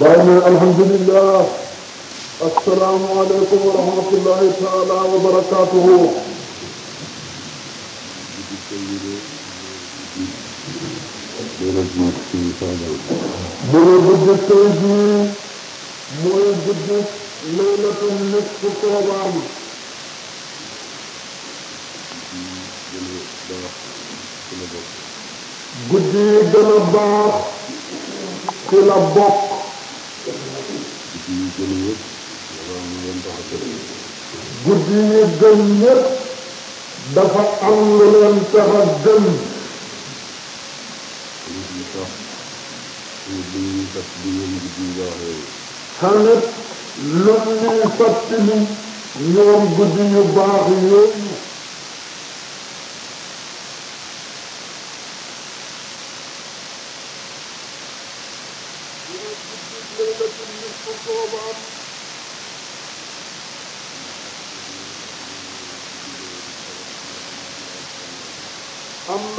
bàyyi ne alhamdulillah asalaamualeykum wa rahmatullahi taala wa barakatuhu mune guddi tey jii mooy guddi leylatu nisfu soobaan guddi gën a baax ci la bokk gën ñëpp dafa am lu leen tax a jóg. guddi yi gën ñëpp dafa am lu leen tax a gën. tamit lu ñuy fàttali ñoom guddi yu baax yooyu.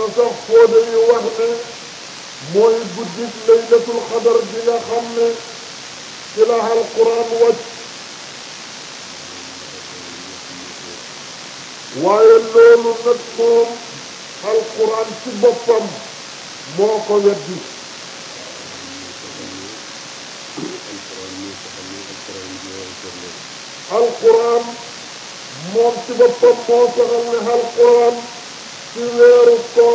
na sax fóode yu wax ne mooy guddik laylatul xadar bi xam ne ci la alquran wàcc waaye loolu nag moom alquran ci boppam moo ko weddi alquran moom ci boppam moo saxal ne alquran ci weeru ko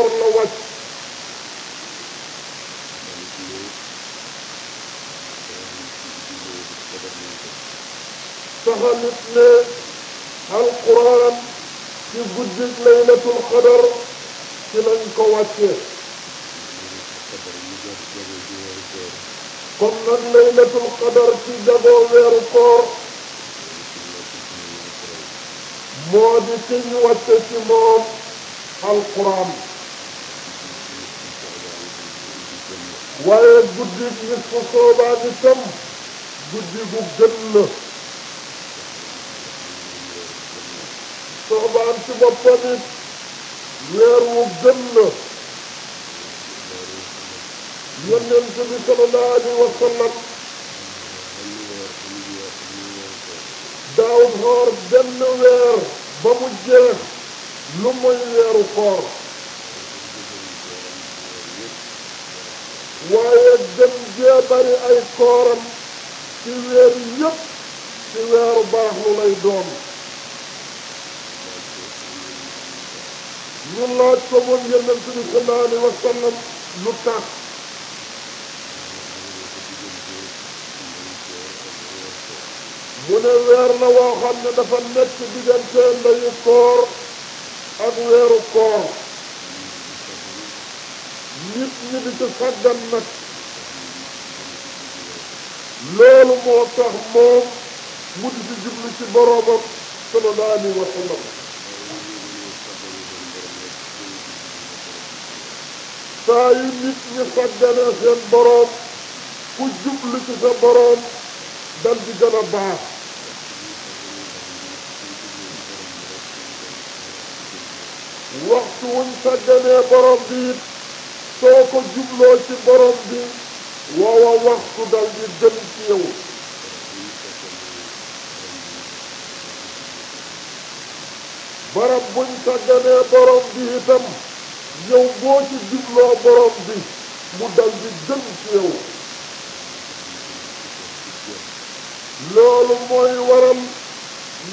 yutne alquran ci guddig laylatul qadar ci lañ ko wàccee comme nag laylatul qadar ci jagoo weeru koor moo di ki ñu wàcce ci moom alquran waaye guddig nisfu soobaan itam guddi gu gën la soxbaan ci boppam it weer wu gën la yonent bi sallallahu alayhi wa sallam daaw xoor benn weer ba mu jeex lu muy weeru koor waaye dem jee bari ay kooram ci weer yëpp ci weeru baax lu lay doon ñu laaj ko moom yonent bi sallallahu alayhi wa lu tax mu ne weer la woo xam ne dafa nekk diggante ndeyu koor ak weeru koor nit ñi di ci sàggan nag loolu moo tax moom mu di ci jublu ci boroomam sallallahu alayhi wa sallam saa yu nit ñi sàgganee seen boroom ku jublu ci sa boroom dal di baax waxtu wuñ sàgganee boroom bi it soo jubloo ci boroom bi woowa waxtu dal di ci yow barab buñ sàgganee boroom bi itam yow boo ci jubloo borom bi mu dal ci yow loolu mooy waral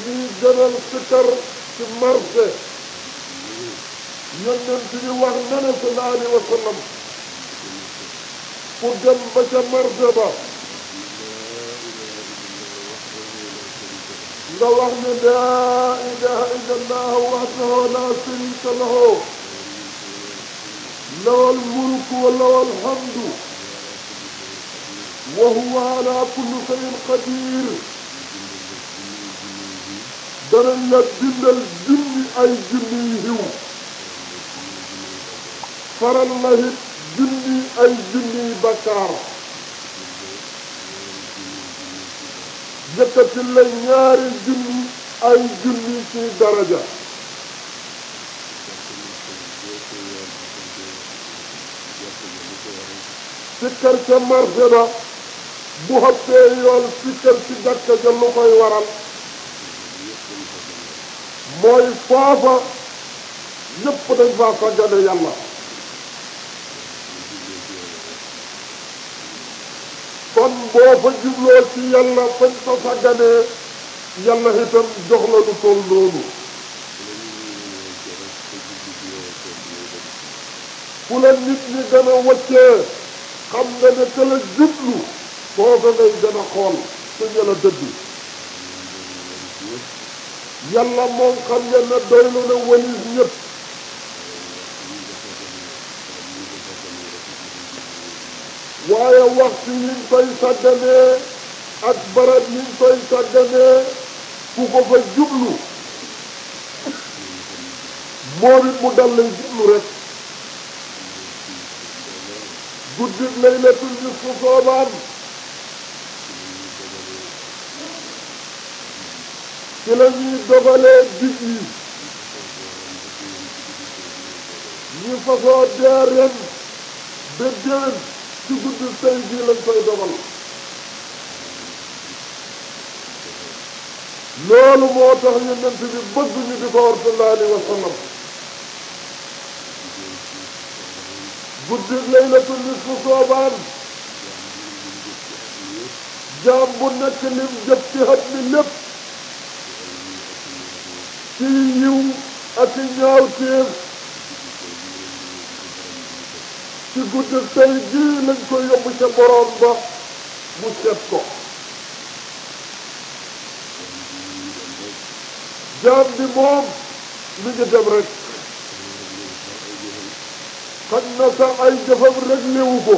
ñuy gënal sikar ci marché yonent bi wax na ne sallallahu alayhi wa ku dem ba ca marché ba nga wax laa ilaha illa allah wahdahu la lawal mulku wa lawal hamdu wa huwa ala kulli shay'in qadir danañ la bindal junni ay junni yu hiw faral la it junni ay junni bakkaar yëkkati la ñaari junni ay junni ci daraja sikkar ca marché ba bu xëppee yoon sikkar ci jàkka ja lu waral mooy foofa yépp dañ faa saggane yàlla kon boo fa ci yàlla fañ fa sagganee yàlla itam jox la lu fu nit ñi gën a wëccee xam nga ne te la jublu foofa ngay gën a xool su ñu la dëdd yàlla moom xam ngeen ne doylu na walis ñëpp waaye waxtu yiñ koy sàgganee ak barab yiñ koy sàgganee ku ko fa jublu moom mu dal lay jublu rek guddi laylatul nisfu soobaan ci la ñuy dogalee yi ñu fasoo dee ren ba ci guddi tey jii lañ koy dogal loolu moo tax ñu nent bi bëgg ñu di ko war sallallahu wa sallam guddi laylatul nisfu soobaan jaam bu nekk lim jëf ci xat mi lépp ci yiw ak i ñaaw téef ci guddi tey jii ko mu seet ko bi moom mi ngi dem faj na ka ay jëfam rek léwu ko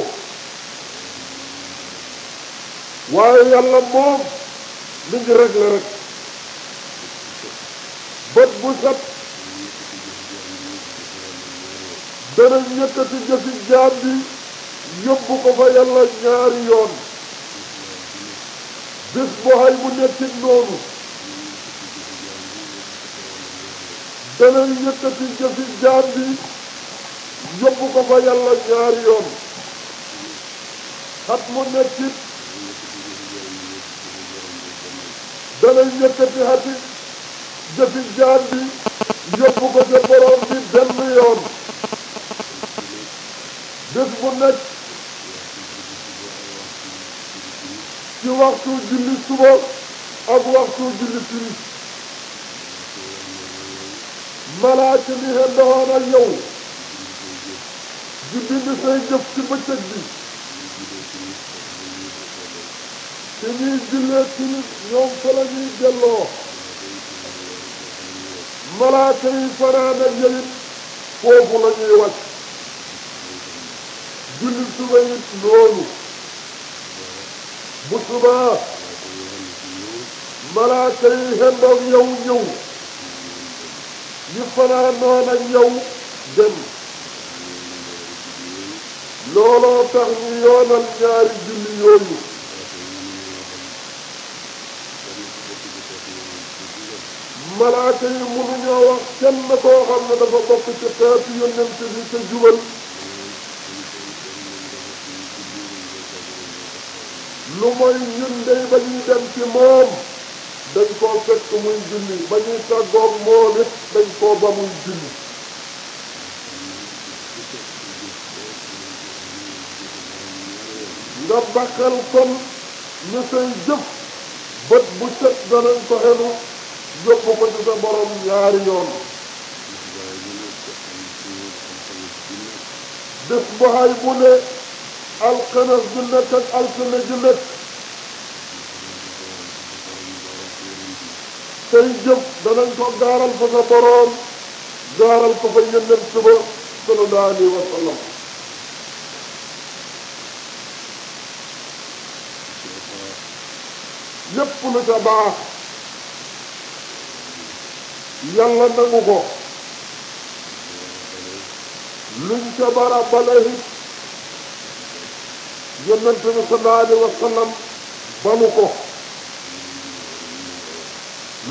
waaye yàlla moom mi ngi rek la rek bu set dana yëkkati jëfi jaam bi yóbbu ko fa yàlla ñaari yoon bis bu hay bu nettit noonu dana yëkkati jëfi jaam bi yóbbu ko fa yàlla ñaari yoon xat mu nekkit dana yëkkati xati jëfi jaam bi yóbbu ko ca borom bi benn yoon bés bu nekk ci waxtu julli suba ak waxtu julli timis malaaka mi xendoxoon ak yow di bind say jëf ci bëccëg bi ci ñuy jullee ci ñoom fa la ñuy delloo yi fanaan ak yëyit foofu la ñuy julli suba loolu bu subaa malaaka yi xendoog yow ñëw ñu fanaanoon ak yow dem looloo tax ñu yoonal ñaari julli yooyu malaaka yi mënuñoo wax kenn koo xam ne dafa bokk ci xeetu yonent bi te jubal lu mooy ñun ba ñuy dem ci moom dañ koo fekk muy julli ba ñuy tàggoog moom it dañ koo ba muy julli nga bàkkal kon ñu say jëf bët bu set danañ ko xenu yóbbu ko ci sa borom ñaari yoon bu xay bu ne alxames ju nekk ak altine ju nekk say jëf danañ ko gaaral fa sa borom gaaral ko fa yeneen suba sallallahu alayhi wa sallam lépp lu ca baax yàlla nangu ko luñ ca bara bale it yonent bi sallallahu alayhi ko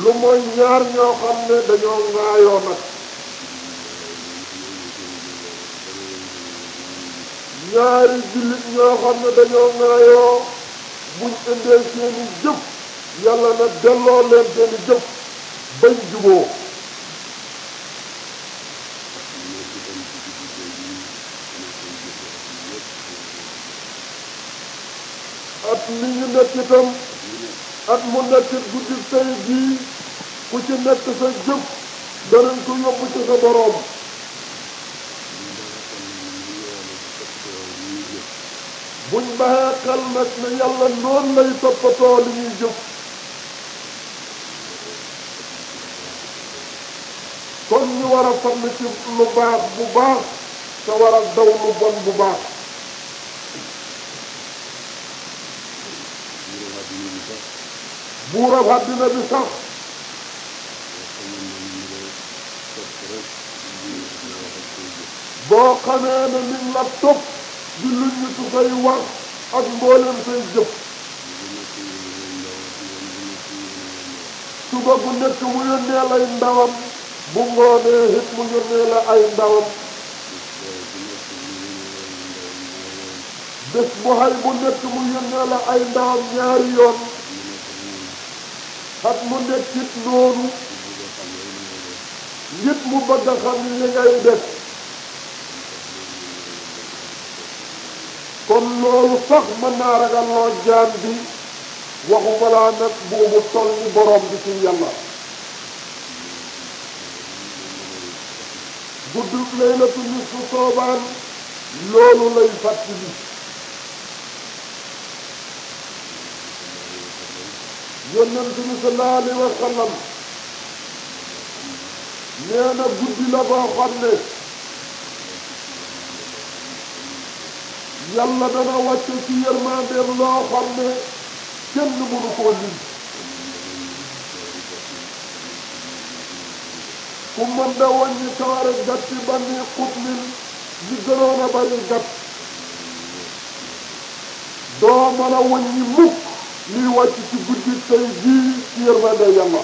lu mooy ñaar ñoo xam ne dañoo ŋaayoo nag ñaari jullit ñoo xam ne dañoo ŋaayoo buñ indee seeni jëf yàlla na delloo leen seeni jëf bañ juboo at mi ñu nekk itam at mu nekk guddi tey jii ku ci nekk sa jëf danañ ko yóbbu ci sa boroom buñ baaxee xel nag ne yàlla noonu lay toppatoo li ñuy jëf kon ñu war bu baax war a bu baax buurab àddina bi boo xamee ne mi ngi di lu ñu su koy wax ak mbooleem say jëf suba bu nekk mu yónnee lay ndawam bu ngoonee it mu yónnee la ay ndawam bés bu xay bu nekk mu yónnee la ay ndawam ñaari yoon xat mu nekk noonu nit mu bëgg xam li ngay def kon loolu sax mën naa ragal loo jaam bi waxuma laa nag boobu toll ni borom bi ci yàlla guddub laylatu nisfu soobaan loolu lay fàttali bi sallallahu alayhi wa nee na guddi la boo xam ne yàlla dana wàcce ci yërmandeem loo xam ne kenn mënu koo lim ku mën da wàññi kawaare gàtt yi ba ni xut gënoon a bari gàtt doo a wàññi mukk liy wàcc ci guddi tey jii ci yërmande yàlla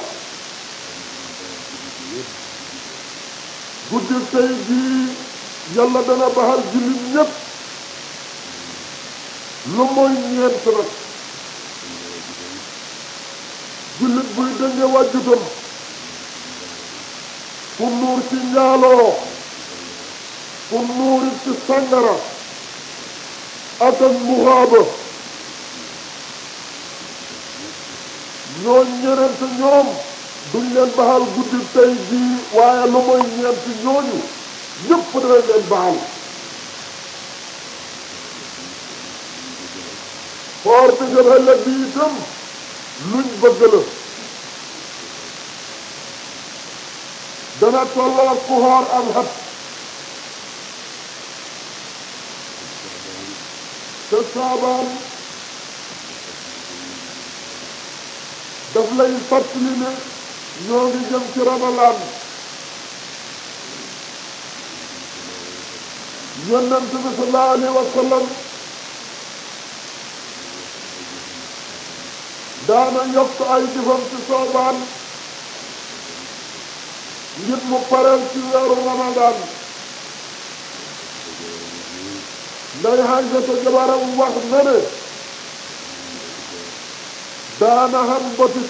guddi tey jii yàlla dana baxal jullit ñépp lu mooy ñeent nag jullit buy dënge wàjjutam pour nuur ci njaaloo pour nuurit ci sàngara atam muhaaba ñoo ñenent ñoom duñ leen baxal guddi tey jii waaye lu mooy ñeent ñooñu ñëpp danañ leen baxal xoor bi nga ëllëg bi itam luñ bëgg la dana tolloo ku xoor am xat te saabaan daf lay fàttali ne ñoo ngi jëm ci ramalaan yonent bi sallallahu alayhi wa sallam daana yokk ay jëfam ci saabaan ngir mu pareel ci weeru Ramadan nday Aysata wax na ne daana xam boti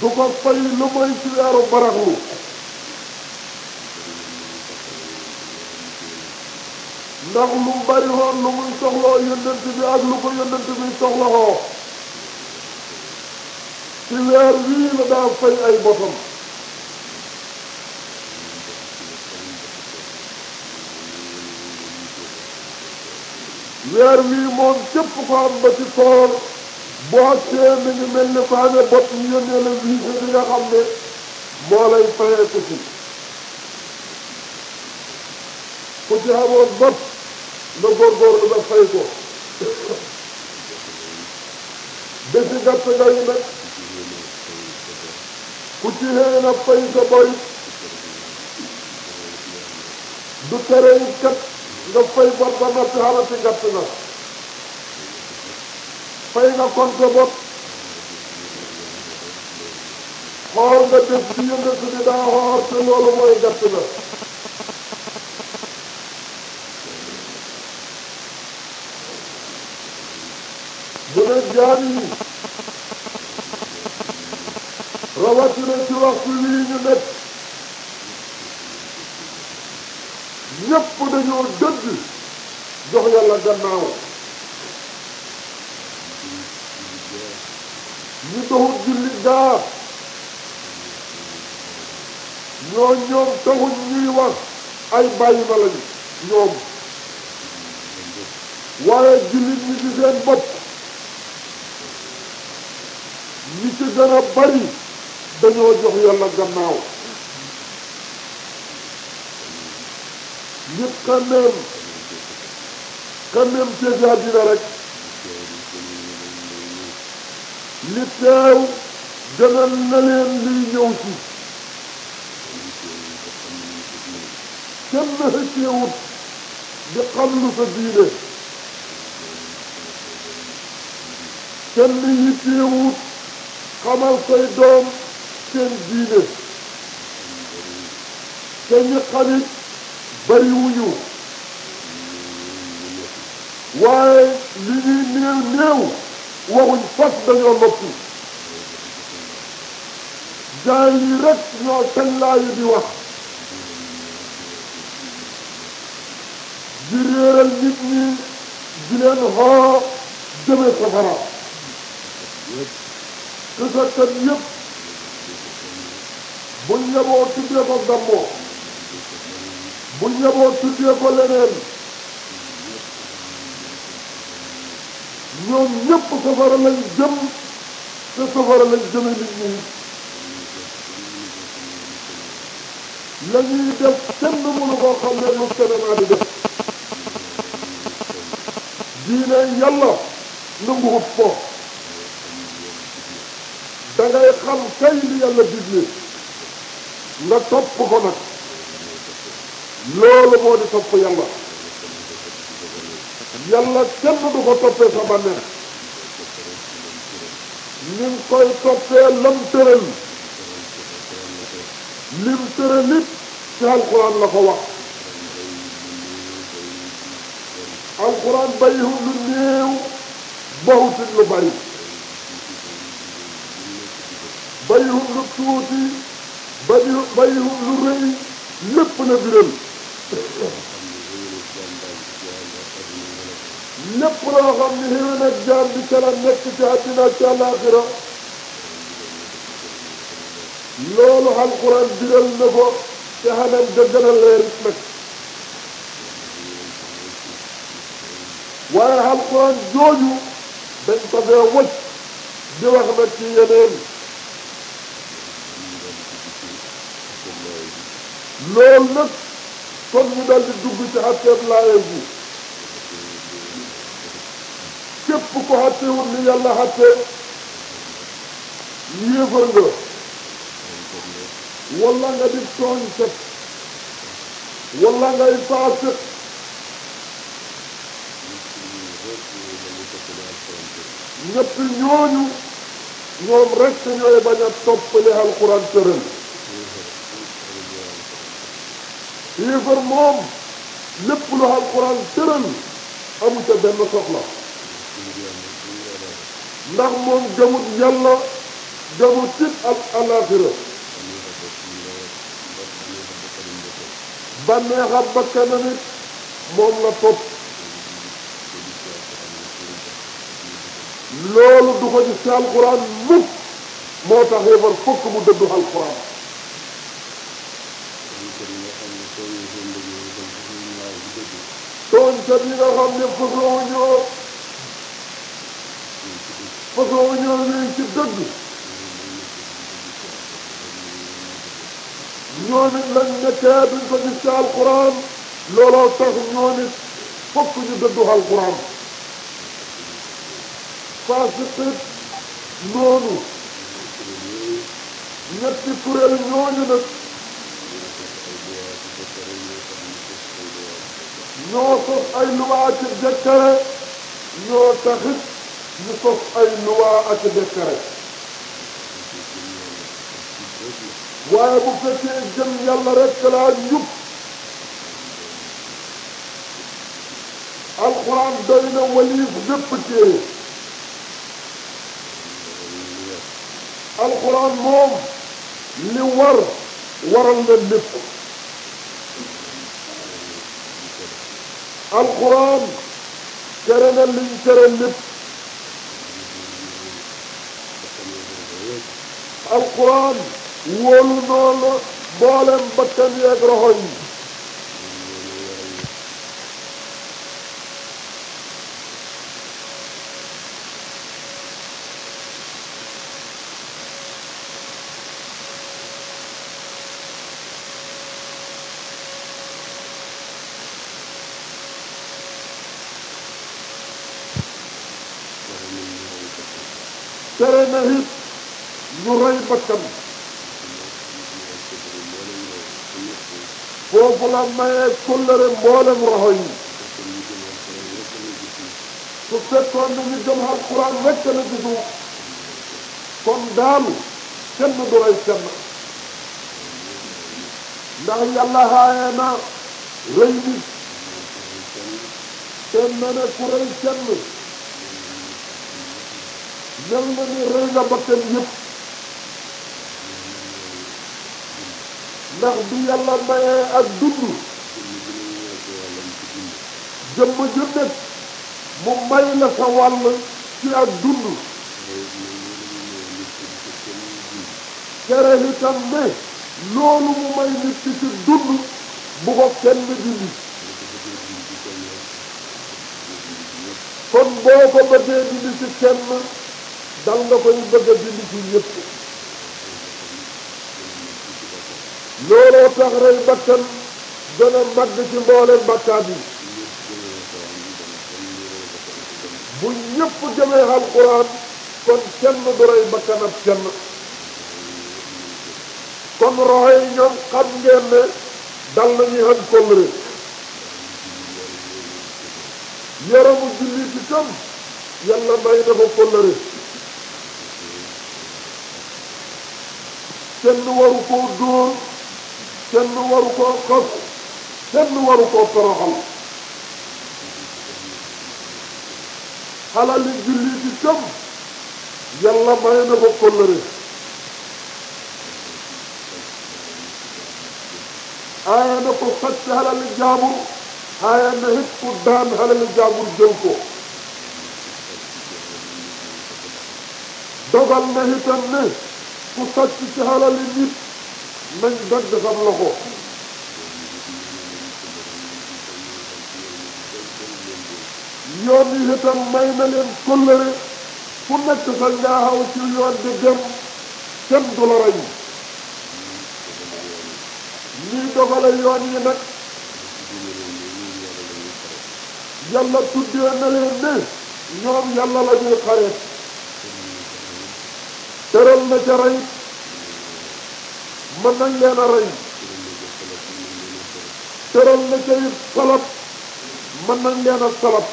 du ko fay lu moy ci weeru baraxlu ndax lu bari woon lu muy soxloo yónnent bi ak lu ko yónnent bi soxloo ci weer wii la daa fay ay boppam weer wii moom képp ko ba ci koor boo tee mi ngi mel ni faane bot ñu yónnee la wiise bi nga xam ne moo lay fayee ko ci ku ci amoon bot na góorgóorlu fay ko bési gàtt nga yi nag kucciheena pay sa boy du tere it kat nga fay bor ba noppi xamati ngatt na fay nga konte bor xool nga def ci yëngatu bi daa xoor te loolu mooy ngatt na bu ne jaam yi rawatina ci waxtu wii ñu nekk ñépp dañoo dëgg jox yàlla gannaaw ñu doxut julli gaa ñoo ñoom taxuñ ñuy wax ay bàyyi ma lañu ñoom waaye jullit ñi ci seen bopp ñi ci gën a bari dañoo jox yàlla gannaaw nit quand même quand même ci àddina rek li teew gënal na leen liy ñëw ci kenn xëccewut di xam lu sa diine kenn yitteewut xamal say doom seen diine te ñu xamit bariwuñu waaye li ñuy néew néew waxuñ fas dañoo noppi jaay yi rek ñoo tellaayu di wax di réeral nit ñi di leen xoo jëmee safara te buñ la woo tuddee ko gammoo buñ la ñoom ñëpp safara lañ te safara lañ jëme nit ñi la def kenn mënu koo xam ne lu keneen a di def diine yàlla nanguwut ko da ngay xam kay li yàlla nga topp ko nag loolu moo di topp yàlla yàlla kenn du ko toppee sa bànneex nim koy toppee lam tëral lim tëral it ci alquran la ko wax alquran bayihu lu néew bawutit lu bari bayihu lu tuuti ba di ba di lu rëy lépp na biral lépp loo xam ni xëy na jaam bi ca la nekk ci àddina ci àllaaxira loolu alquran biral na ko te xanam dëggal na leer nag waaye alquran jooju dañ ko fee wëcc di wax nag ci yeneen loolu nag kon ñu dal dugg ci xatteeb laayee képp ko xattewut li yàlla xattee yéefar nga wala nga di tooñkat wala ngay faasik ñëpp ñooñu ñoom rek ñooy bañ a toppale alxuraan tëral yéefar moom lépp lu alxuraan tëral amu ca benn soxla ndax moom gëmut yàlla gëmut tit ak alaaxira bànneexa bakkanam it moom la topp loolu du ko ci si mukk moo tax yéefar fokk mu dëddu alxuraan doon jot yi nga xam ne fasoo ñoo fasoo ñoo ñuy ci dëgg ñoom it lañ nekkee duñ ko gis ci alquran looloo tax ñoom it fokk ñu dëddu alquran faasiqit noonu ñetti kuréel ñooñu nag ñoo sos ay luwaa ak décret ñoo taxit ñu sos ay luwaa ak décret waaye bu fekkee jëm yàlla rek laa njub alxuraan doy na waliif bépp téere alxuraan moom li war waral na lépp alxuraan tere na liñ tere lépp alxuraan wóolu noonu boolem bakkan yeeg roxo yi dafa maye kóllëre mboolem roxo yi su fekkoon ne ñu gëm alquran rek la gisu kon daal kenn du rey kenn ndax yàlla xaayee na rëy nit te ku rëy kenn ni rëy nga bakkan yëpp ndax bi yàlla mayee ak dund jëmm ju nekk mu may la sa wàll ci ak dund tere itam ne loolu mu may nit ci dund bu ko kenn dindi kon boo ko bëggee dindi ci kenn dal nga koy bëgg a dindi ci ñëpp looloo tax rey bakkan gën a màgg ci mbooleem bakkaat yi bu ñëpp jëmee alxuraan kon kenn du rey bakkan ab kenn kon roxo yi xam ngeen ne dal nañuy xam kóllëre yaramu jullit bi tam yàlla may na ko kóllëre kenn waru koo dóor kenn waru koo kos kenn waru koo toroxal xalali julli di gëm yàlla may na ko kóllëre aaye na ko xacc xalali jaabur aaye na it ku daan xalali jaabur jël ko ku sàcc ci xalali nit nañ dagg sam loxo yoon yi itam may na leen kóllëre ku nekk sa ñaaxaw ci yoon di dem kenn du la rey ñuy dogale yoon yi nag yàlla tuddee na leen ne ñoom yàlla la ñuy xareet tëral na ca mën nañ leen a rey tëral na ca it salab mën nañ leen a salab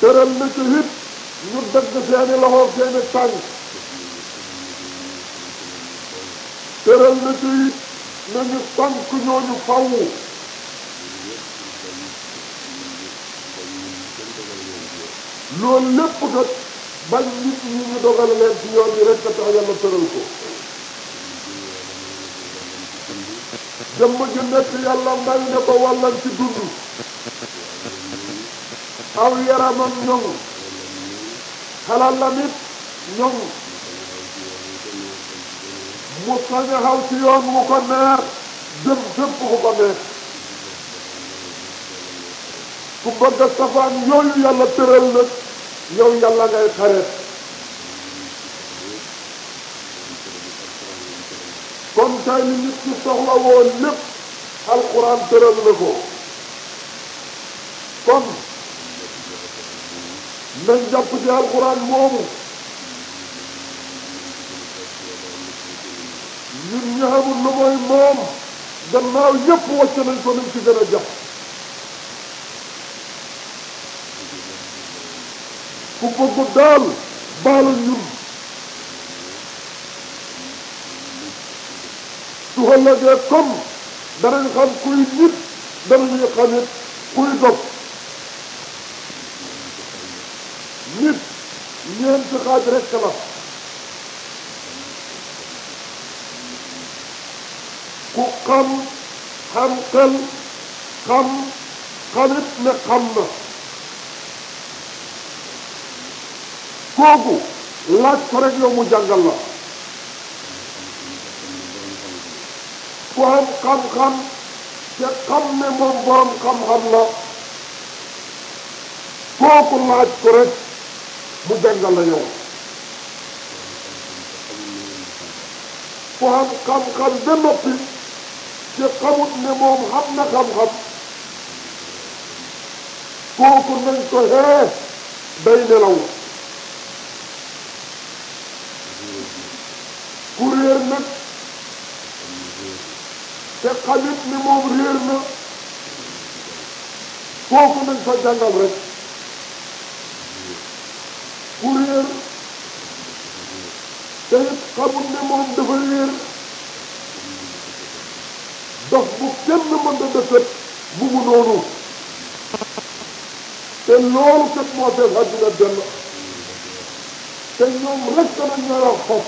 tëral na ca it ñu dëgg seeni loxo seeni tànk tëral na ca it nañu sànk ñooñu faw loolu lépp kat ba nit ñi ñu dogal leen ci yoon yi rek tax yàlla tëral ko jëmm ju nekk yàlla may ne ko wàllam ci dund aw yaramam ñoŋ xalalam it ñoŋ mu sañ xaw ci yoon wu ko neex jëm fépp fu ko neex ku bëgg safaan yooyu yàlla tëral nag yow yàlla ngay xareet comme tey ni nit ki soxla woon lépp alquran tëral na ko kon nañ jàpp ci alquran moomu ñun ñaxamul lu mooy moom gannaaw yëpp wàcc nañ ko nañ ci gën a jàpp ku bëgg daal baala ñun su xëllëgee comme danañ xam kuy nit danañu xamit kuy dof nit ñeenti xaaj rekk la ku xam xam xel xam xamit ne xam na kooku laaj ko rek yow mu jàngal la ku am xam-xam te ne moom borom xam-xam la kooku laaj ko mu jàngal la yow ku am xam-xam ba noppi te ne moom xam na xam-xam kooku nañ ko hee day nelaw ku réer te xamit ni moom réer na kooku nañ ko jàngal rek ku te it xamut ni moom dafa réer dox bu kenn mën da defet mu noonu te loolu kat moo def àddina benn te ñoom rek dana ñoral xob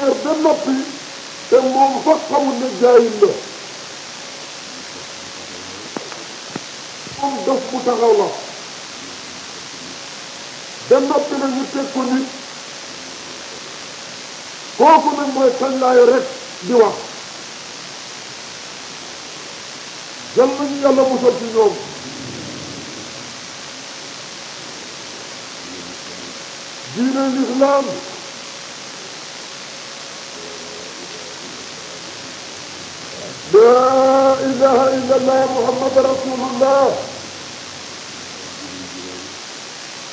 leer ba noppi te moom sax xamul ne jaayil la moom def bu taxaw la ba noppi nag teg ko nit kooku nag mooy kañ laay di wax jël nañu yàlla musal ci ñoom diine lislaam laa ilaha illa allah muhammad rasulullah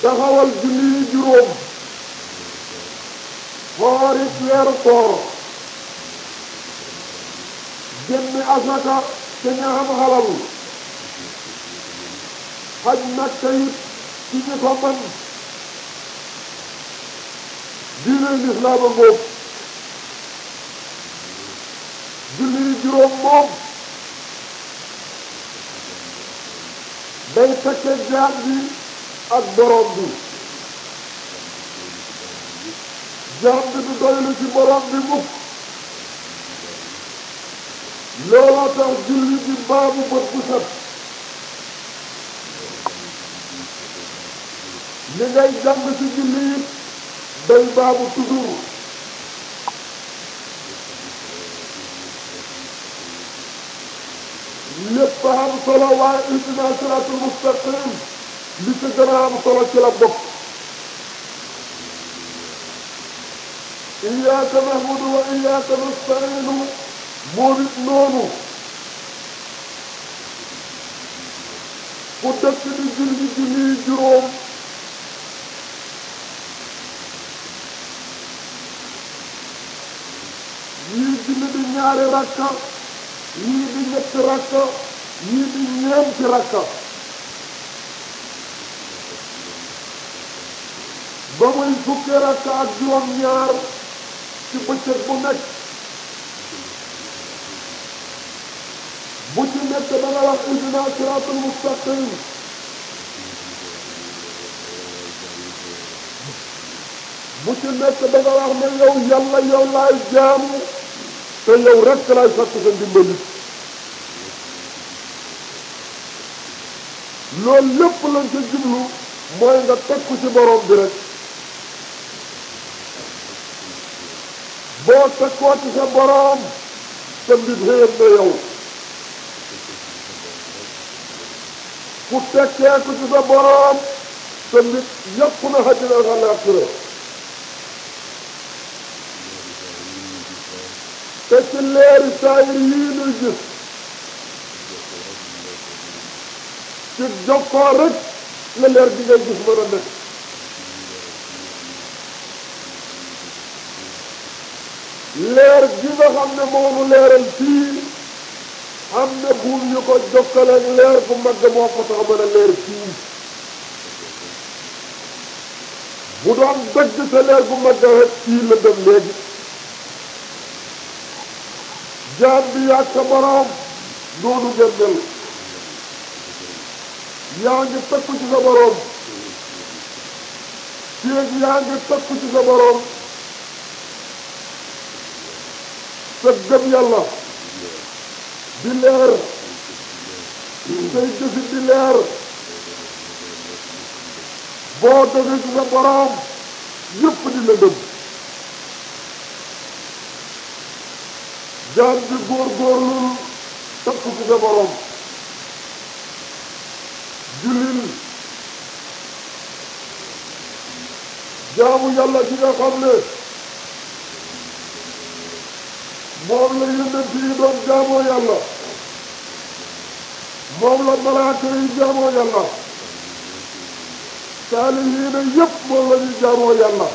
taxawal julli yi juróom xoorit weeru koor génn asaka te ña xam xalal xaj nag te it ci ñi ko juróom moom day fekke jaam bi ak borom bi jaam bi du doylu ci borom bi mukk looloo tax julli bi baabu bët bu set li ngay jàng ci julli it day baabu toujours lépp am solo waaye ihdina siraatal mustaqim li ci gën solo ci la bokk iyyaka nahmudu wa iyyaka nasta'inu moom it noonu ku dëkk di julli julli juróom yii julli di ñaari rakka yii di ñetti rakka ñii di ñeenti rakka ba muy fukki rakka ak juróom ñaar ci bëccëg bu nekk bu ci nekk da nga wax ihdina siratul mustaqim bu ci nekk da nga wax ne yow yàlla yow laay jaamu te yow rekk laay sakku sa ndimbal loolu lépp lañ ca jublu mooy nga tekku ci borom bi rek boo ci sa borom sa mbir xëyam na yow ku tekkee ci sa borom sa mbir yàpp na àddina ak àllaaxira te ci leeri saayir yii nuy ci jokkoo rek la leer bi ngay gis mën a dëkk leer gi nga xam ne moomu leeral fii am na buum ñu ko jokkale ak leer bu mag moo ko tax mën a leer fii bu doon dëgg sa leer bu mag rek fii la dem léegi jaam bi yàgg sa boroom noonu ngeen mel yaa ngi tëkku ci sa boroom fii yaa ngi tëkku ci sa boroom sa gëm yàlla di leer say jëfit di leer boo dogee ci sa boroom yëpp di lëndëm jaam bi góor góorlu tëkku ci sa boroom julli ni jaamu yàlla gi xam ne moom la yonent yi doon jaamoo yàlla moom la malaaka yi jaamoo yàlla saalihiina yëpp moom la ñuy jaamoo yàlla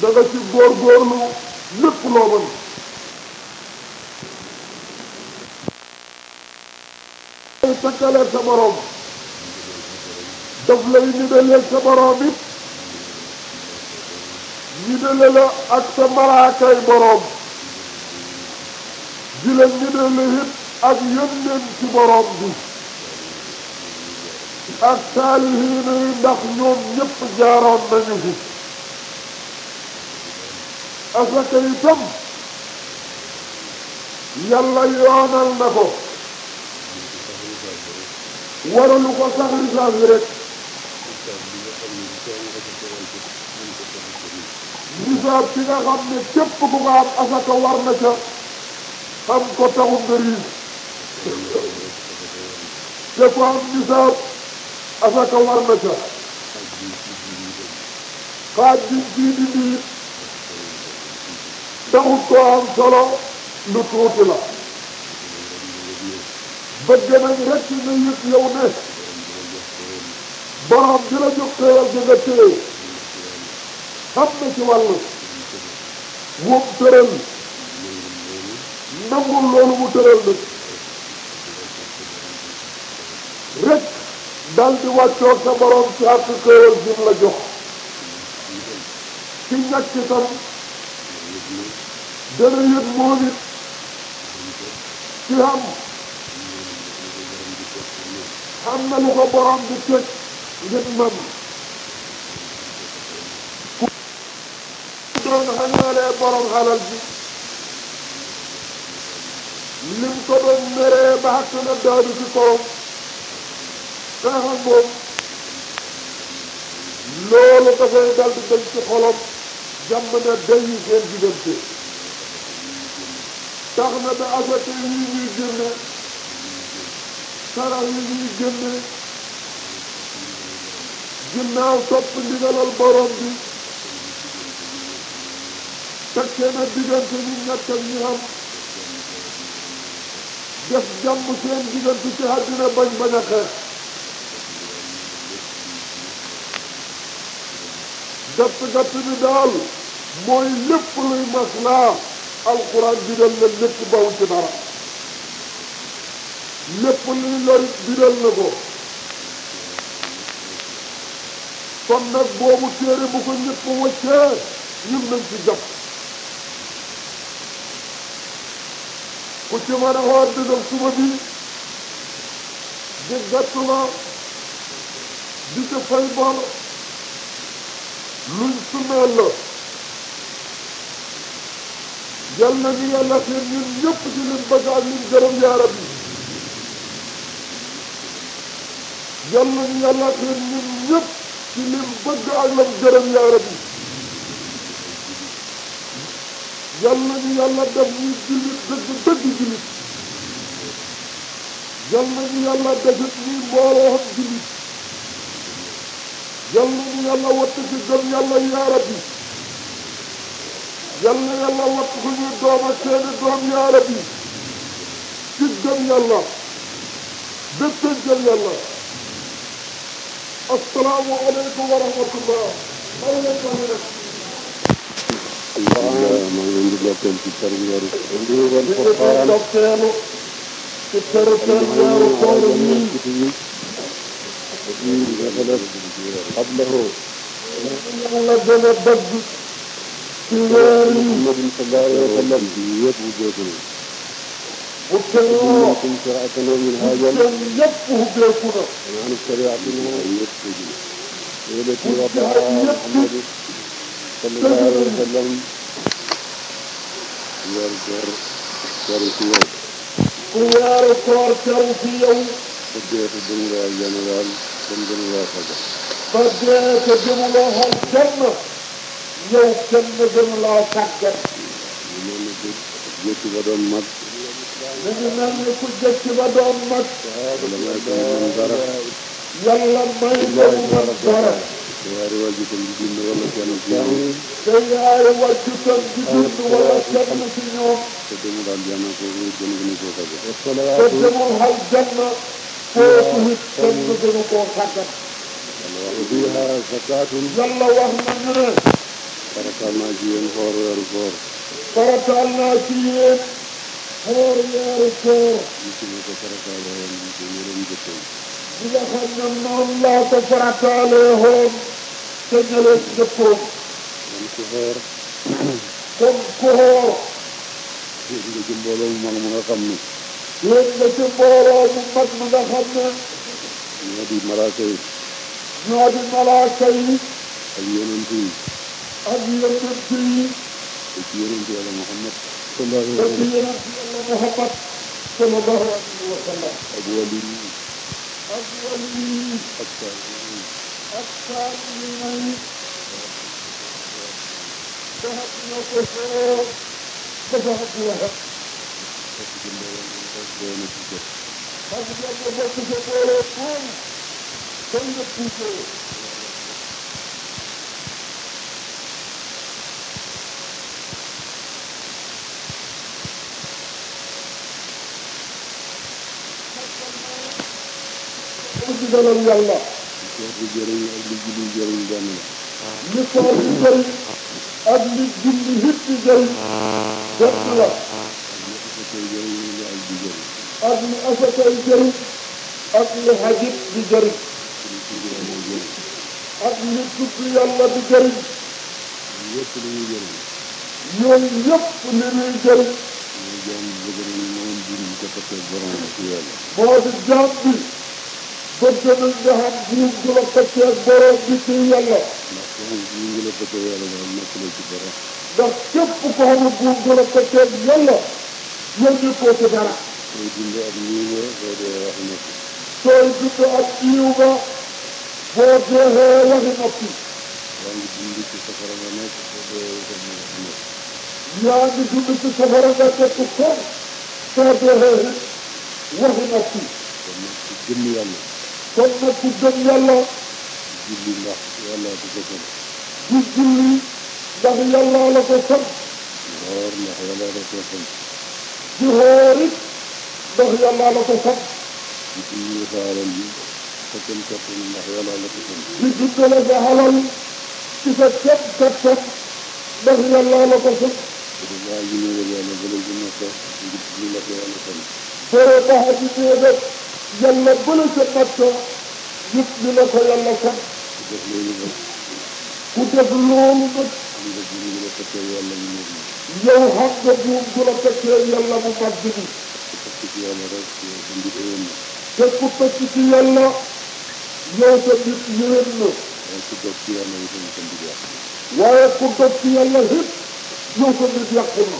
da nga ci góorgóorlu lépp loo mën takkaleer sa borom daf lay nidaleeg sa borom it nidale la ak sa malaakay borom di la nidale it ak yónneen ci borom bi ak saalihiina yi ndax ñoom ñëpp jaaroon nañu fi asaka itam yàlla yoonal na ko waralu ko sax lislaam yi rek. nisaab bi nga ku ko asaka war na ca xam ko taxu nga riis te ku am nisaab asaka war na ca xaaj biñ cii di taxut koo am solo lu tuuti la ba demañ rek ci nu yëg yow ne borom bi la jóg teewal di nga téye xam na ci wàll moom tëral nangul loolu mu tëral nag rek dal di sa borom ci àq teewal bi la jox ci ñàkk itam dana yëg moom it ci am am na lu ko borom bi tëj ngir mëm ku doon xañaalee borom xalal bi lim ko doon ba xàq na daadu ci kawam taxam moom loolu dafay dal di dem ci xolom jàmm na day yi seen diggante tax na ba affaire yi ñuy génne saraw yi ñuy génne ginnaaw topp ndigalal borom bi fekkee na diggante ñu ñett ak ñu am def jàmm seen diggante ci àddina bañ bañ a xeex gatt gatt bi daal mooy lépp luy maslaa alxuraan digal la lépp baw ci dara lépp luy lor biral na ko kon nag boobu téere bu ko ñëpp wàccee ñun nañ ci jàpp ku ci mën a xool dëgg suba bi di gàttuma di ca fay bor luñ sumeel la yal na yàlla xiir ñun ñëpp ci liñ bëgg ak liñ gërëm yaa yàlla ñaanaat leen ñun ñëpp ci lim bëgg ak lam gërëm yaa rabbi yàlla ñu yàlla def ñu jullit dëgg dëgg jullit yàlla ñu yàlla defit ñuy mbooloo xam jullit yàlla ñu yàlla watt ci gëm yàlla yaa rabbi yàlla yàlla watt ko ñuy doom ak seeni doom yaa asalaamaaleykum wa rahmatullah maa ngi leen di wax nag. waaw maa ngi leen di ndokkeel ci kër gi weeru. di leen ndokkeelu ci kër kër weeru koor yi. ñu la gën a dëgg ci weer yi. وابتلوه يبقوا بيكونا عن شريعتنا يبتدي ويبتدي ربها محمد صلى الله عليه وسلم يرجر شرفيو كوار كوار شرفيو بديت الدنيا جنرال الحمد لله خدا بديت الدنيا هالجنة يوم كان جنرال فكر من جيت غدا مات mi ngi mel ni ku jëkk ba doon mag. yàlla may ko mën dara. te yaari wàccu tam di dund wala kenn ci ñoom. te yaari wàccu tam di dund wala kenn ci ñoom. te demul aljanna kooku it kenn gënu koo xàggat. te demul aljanna kooku it kenn gënu koo xàggat. yàlla wax na ñu ne. farataal naa ci yéen xoor weeru koor. farataal naa ci yéen. xoor weeru koor. li nga xam ne moom laa ko farataalee xoom te ñëwee jëppoon. kon ku xoor. kon ku xoor. yéen nga ci mbooloo mu mag mu nga xam ne. yéen nga ci mbooloo mu mag mu nga xam ne. ñoo di malaaka yi. ñoo di malaaka yi. ak yonent yi. ak yonent yi. te ci yonent yàlla Muhammad وسيدنا محمد صلى الله عليه وسلم أولين أولين التابعين التابعين ذهبنا كثيرا فذهبنا فذهبنا فذهبنا pour di gërëm yàlla. li koor di jëriñ ak li julli jëriñ benn la. li koor di jëriñ ak li julli it di jëriñ benn la. ak li asakay jëriñ ak li hajit di jëriñ. ak li tudd yàlla di jëriñ. yëpp li ñuy jëriñ. yooyu yëpp li ñuy jëriñ. boo di jaam bi bëgg nañ nga xam jiw gi la fekkee borom bi ci yàlla. ndax sama la fekkee yàlla moom nekk na ci dara. ko xam ne jiw gi la fekkee yàlla yéen ñu ko ci dara. sooy dund ak yiw nga boo dee wax noppi. sooy dund ak yiw nga boo dee wax noppi. yaa ngi dund ci safara nga yaa ngi dund ci safara nga nekk ko soo dee wax noppi. kon nag ci kon nag ku gëm yàlla julli ndax yàlla di ko gën di julli ndax yàlla la ko sant woor ndax yàlla la ko sant di woor it ndax yàlla la ko sant di dimbale sa alal yi sa kem kattan ndax yàlla la ko sant di dimbale sa alal ci sa kem kattan ndax yàlla la ko sant te maa ngi nuyu yàlla ba léegi nekk di la ko yàlla sant yàlla ba la ca nattoo yëpp ñu ne ko yàlla kat ku def loolu nag yow xam nga buum bu la fekkee yàlla bu mag bi te ku fekk ci yàlla yow tamit yéen na waaye ku dog ci yàlla it yow tamit yàq na dañ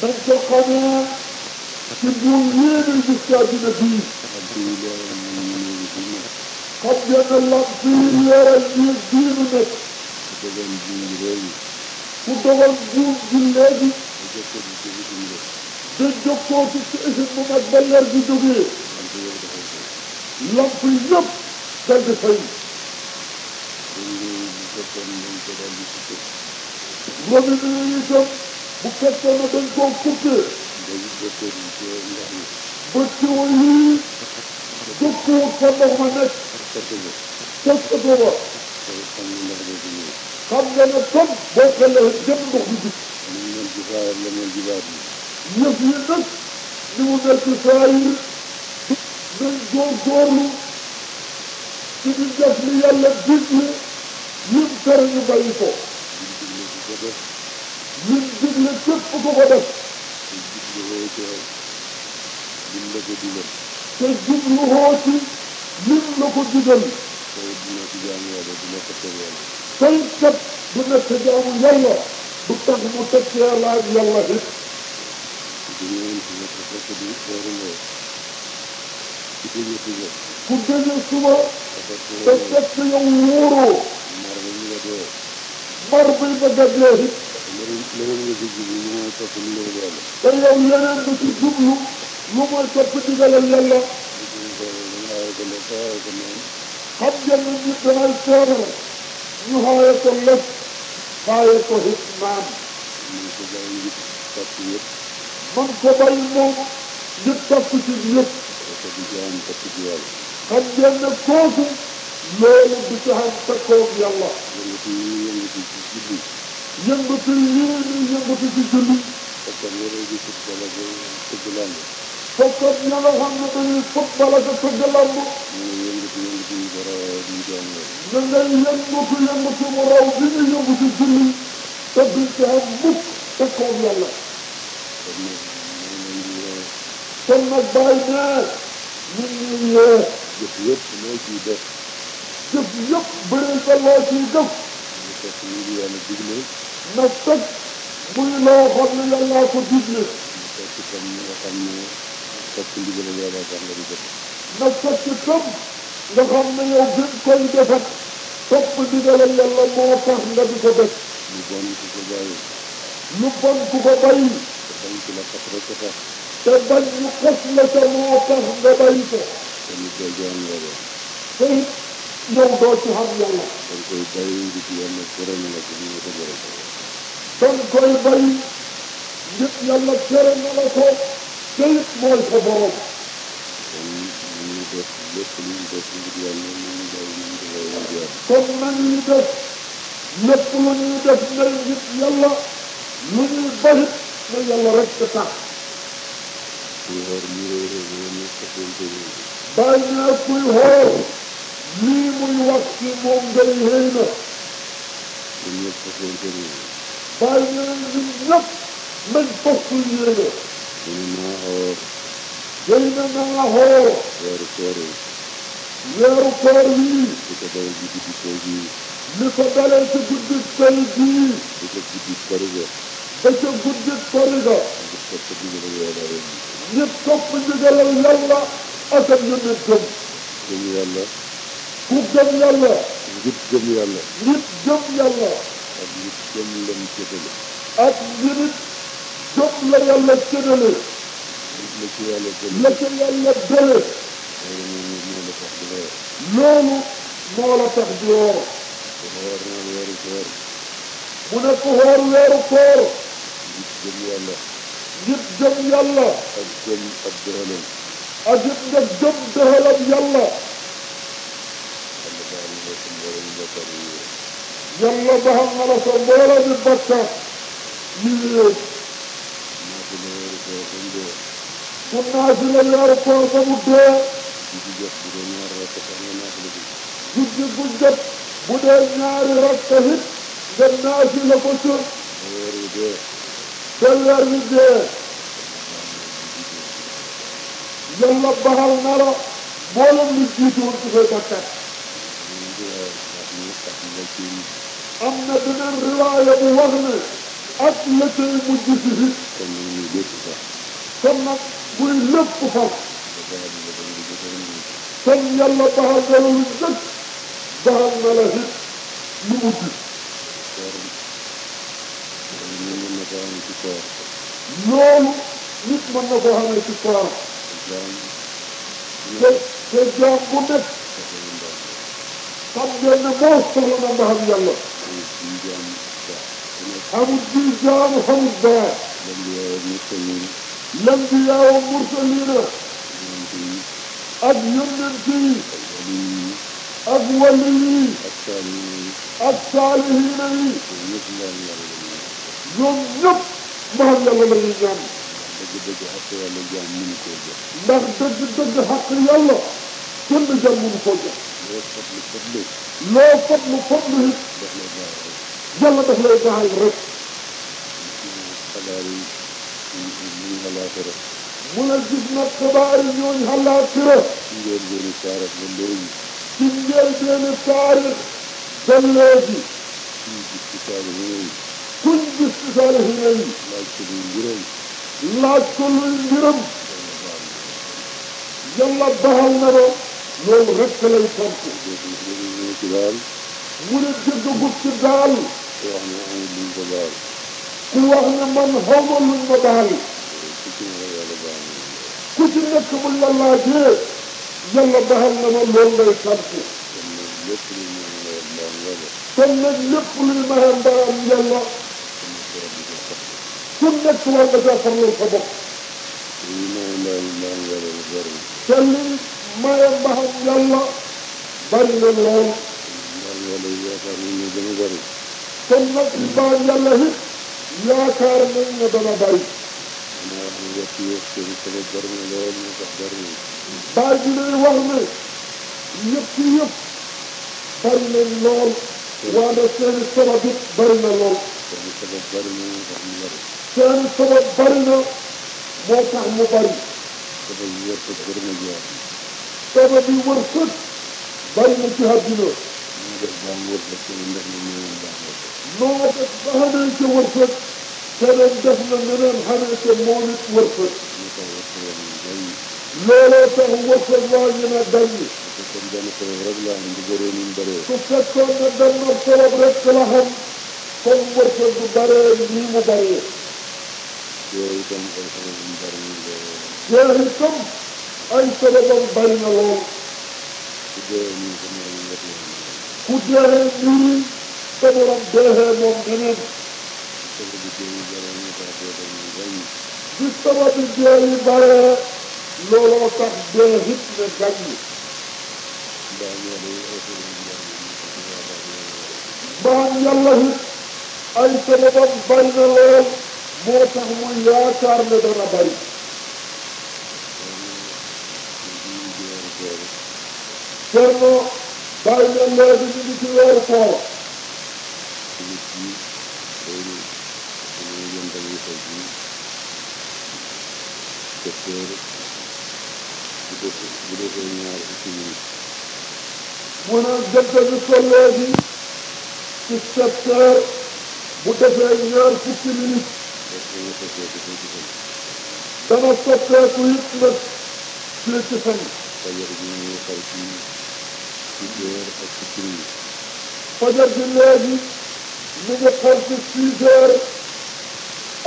ko xamee ci buum yéene gis ci àdduna bii xam ngeen ne lam bii ji léegi da jokkoo ci ci usine bu mag ba leer bi jógee lamp yëpp dal di fay robinet yi itam bu fekkoon ne dañ léegi jokkoo di ci ndox mi. ba teewul yii. jokkoo sa ndox ma nekk. teg ko booba. xam nga ne comme boo ko ji. ñoom ci saa la ñoom baat yi. yëf yi nag li nekk saa yi. nañ góorgóorlu. ci di li yàlla digle. lim tere ñu bàyyi ko. lim digle képp ku ko def. di wéy ci lim la ko digal. te jubluwoo ci lim la ko digal. tey dina ci jaamu yàlla dina ko teg yàlla. tey kat dina ci jaamu yàlla bu tax mu teg ci yàlla ak yàlla it. dina yéen ci nekk fekk di weeru ngoo ku déggee suba. ku déggee suba. te fekk yow wóoroo. mar bi ñu la dee. mar bi nga dee. mooy topp ndigal yàlla. te yow yeneen bi ci jublu lu mooy topp ndigal yàlla. xam ngeen ne nit dangay feebar ñu xaaye ko lépp xaaye ko xitmaan. man ko bàyyi moom nit topp ci yëpp. xam ngeen ne kooku loolu du ci xam takkoog yàlla. yëngatu yéen yëngatu ci julli. fekkoon yéen a ngi football nga xam ne dañuy football ak tëgg lamb. ñu ngi yëngatu yëngatu yu ko raw bi ñu doon lool. ñu ngay yëngatu yëngatu mu raw bi ñu yëngu ci julli te duñ ci am mukk te koom yàlla. kon nag bàyyi ne ñun ñuy yee. jëf yëpp loo ciy def. bëri na loo ciy na teg muy loo xam ne yàllaa ko digle. na teg itam nga xam ne fekk ndigal yàlla sax nga di def. na teg itam nga xam ne yow bi koy defat topp ndigal yàlla moo tax nga di ko def. lu bon ku ko bàyyi. lu bon ku ko bàyyi. te bañ ci la xas rek sax. te bañ ñu xas la sa moo tax nga bàyyi ko. te nit doo jaan yàlla. te it yow doo ci xam yàlla. dañ koy bàyyi di ci yàlla gërëm la ci ñu ko gërëm. danga koy bay nit yàlla tere na la ko mooy sa borom. kon nañu def lépp lu ñu def ngir yàlla nañu bàyyi lu ñu defee ngir yàlla. kon nañu def lépp lu ñu def ngir yàlla lu ñuy bari na yàlla rek te tax. kuy xool lii rëy sa tontu rëy. waaye yeneen yi ñëpp nañ bokk yéene. yéen naa xoor. yéen naa xoor. weeru koor yi. weeru yi. li ko dalee guddi tey jii. guddi tey jii. guddi korige. ba ca guddi korige. ngir topp ndigalal yàlla rek. ngir topp ndigalal yàlla ku gëm yàlla. ngir gëm yàlla. ak lu jëm lam cëdale ak li nit jot la yàlla cëdale la ci yàlla dële la ci yàlla dële loolu moo la tax di woor mu ne ko xoor weeru koor ngir jëm yàlla ngir jëm yàlla ak jëm ab dëxalam ak it nga jëm dëxalam yàlla yàlla baxal na la bi bakkaat yi yéeg. naa si la weeru koor ba mu dee. rakka hit nga naa si la ko sër. te weer wi dee. yàlla baxal na la mbooloo mi am na beneen riwaaya bu wax ne ak la cay si it. kon nag muy lépp far. kon nag muy lépp far. kon yàlla baaxal na la lu njëkk nit mën na ko xamee ci koor. te te jaam bu nekk. amul biir jaamu xamul dara. Lambiyaa wa mursaliina. ak yonent yi. ak wali yi. ak saalihiina yi. ñoom ñëpp maam yàlla la ñuy ñaan. ndax dëgg-dëgg xaq yàlla kenn jàmm mënu koo jox. loo fab lu fab lu it. yàlla daf lay gaal rek. xabaar yi ñu xalaatira. mun a gis nag xabaar yi ñooñu xalaatira. ci njëlbeenu taarix ba léegi. ci njëlbeenu taarix ba léegi. kuñ gis ci taarix yooyu. kuñ gis ci taarix yooyu. laaj ko luy mbiram. laaj ko luy mbiram. yàlla baxal na ko. loolu rek lay tontu. mu ne dëgg gu ci daal. ku wax ne amul luñ ko baal. ku wax ne man xaw ma luñ ko baal. ku ci nekk bu la laajee yàlla baal na ma lool ngay sant. kon nag lépp luy mayam baam yàlla. ku nekk war nga caa farlal sa bopp. te li mayam baam yàlla bari na lool. kon nag baal yàlla it yaakaar nañ ne dana bari. maa ngi wax ci yëf seen sama bor na lool moo tax bari na. baal bi lay wax ne yëpp ci yëpp bari nañ lool. waaye na lool. seen sabab bari na moo tax mu bari. seen sabab bari na moo tax mu bari. sabab yi wërsëg bari na jiwaat. sabab yi wërsëg bari na ci àddina. ñu def baamu wërsëg moo def ba xamee ca wërsëg te doon def na neneen xamee ca moo nit wërsëg looloo tax wërsëg waa ñu ne dañ su fekkoon benn sabab rek la am du bëree ni mu bëree su fekkoon ne benn sabab rek la xam kon wërsëg du bëree ni mu bëree jeex itam ay jeex itam ku dee nii ku dee nii te borom deexee moom keneen. gis sabati dee yi bare looloo tax dee hit ne gàññi. mbaam yàlla hit ay sababam bari na lool moo tax mu yaakaar ne dana bari. Cerno bàyyi na léegi ñu ngi ci weeru koor secteur bu defee bu defee ñaar fukki minutes. mu ne gerte bi tolloo bi ci secteur bu defee ñaar fukki minutes. dana soppeeku it nag fii ci fan. fajar bi ñu ngi xaw ci fukki heure ak fukki minutes. fajar bi léegi ñu ngi xaw ci six heures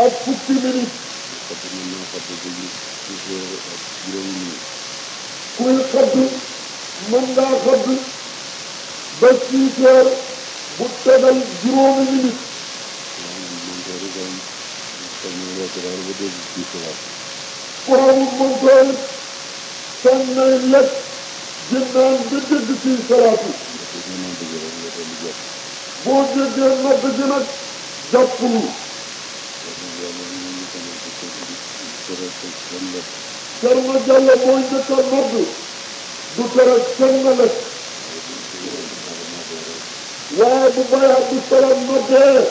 ak fukki minutes. toujours juróomi minute. kuy xodd mën ngaa xodd ba six heures bu tegal juróomi minute. ku xamul montoor it fan nay lekk ginnaaw nga dégg ci salaatu. boo déggee nodd gi nag jàppul. Cerno Jallo a nodd du tere kenn nag waaye bu Baye Abdou Salam noddee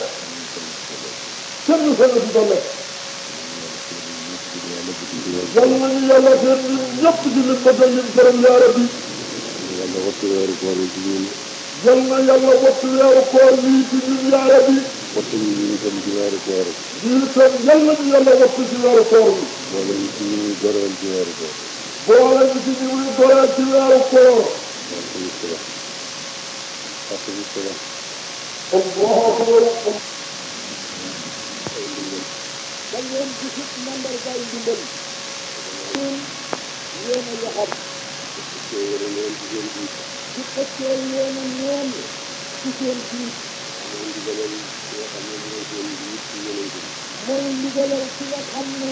kenn solo si doon nag yal nañu yàlla seen ñun ñëpp di lim ba doon lim borom yaa rabbi yal na wattu weeru koor yi ci wattu ñu ñu itam ci weeru koor bi. ñu itam yal nañu yàlla wattu ci weeru koor bi. boole ñu ci ñu goreel ci weeru koor. boole ñu ci ñu goreel ci weeru koor. waxtu bi si la waxtu bi si la. kon boo xoolee. dañ leen di gis mandargaay ndimbal. ñun yéen a yaxam. ci fekkee yéen a ñoom ci seen biir. mooy ndigalal ki nga xam ne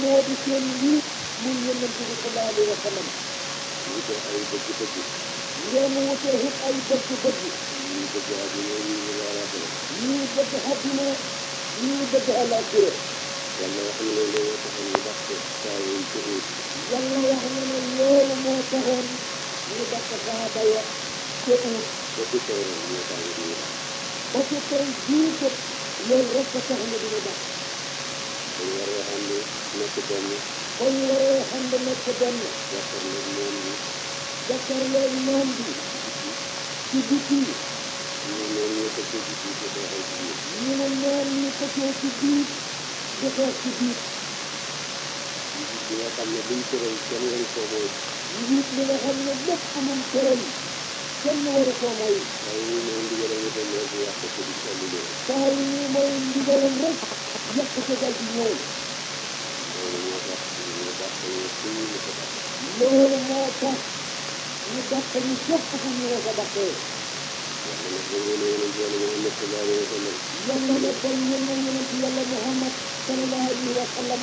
moo di seen njiit muy yonent bi sallallahu alayhi wa sallam. wute ay bëgg-bëgg. ngeen wute it ay bëgg-bëgg. ñii bëgg àddina ñii bëgg àllaaxira. ñii bëgg àddina ñii bëgg àllaaxira. yàlla wax na ne loolu taxoon ñu dàq saa yu ci ut. yàlla wax na ne loolu moo taxoon ñu dàq saa ba ya ci ut. ba ci tey jii jot loolu rek la tax na dina baax. kon waroo xam ne nekk benn. kon waroo xam ne nekk benn. jàkkaarloog noon bi. bi. ci biti. ñu ne noon ñu ko cee ci biir di xeexal bi nga xam ne buñ tëral kenn waru koo bi nga xam ne lépp lu mu tëral. kenn waru ko mooy. saa yu nii mooy ndigalam rek yàq ko daal di ñëw. loolu moo tax ñu dàq ñu képp ku ñu war a dàqee. yàlla na ko yéen a yéen a ci yàlla Muhammad sallallahu alayhi wa sallam.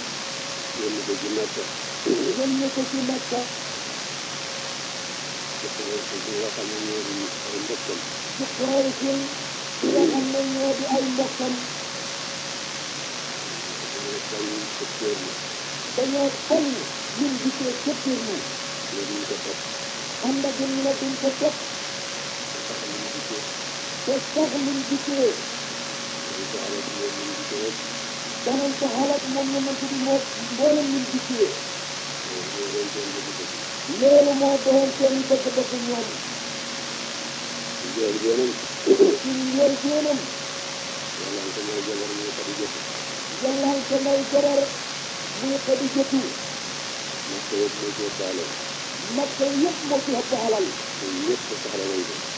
yéen ko ci Makka. yéen ko ci Makka. yoo xam ne ñoo di ay mbokkam. waaye di ay mbokkam. dañoo toll ñun gisee cëppir ñu. duñ ko topp. xam nga gën ñu ko topp. te sax luñ gisee. danañ ko xalaat moom ma tudd moo mboolem luñ loolu moo doon seen bëgg-bëgg ñoom. loolu yéen a. loolu yéen a. yàllaay te may jabar muy xadi jëtu. yàllaay te may jabar muy xadi jëtu. makka yëpp moo ci ëpp alal. makka yëpp moo ci ëpp alal. te ñëpp soxla nañ ko.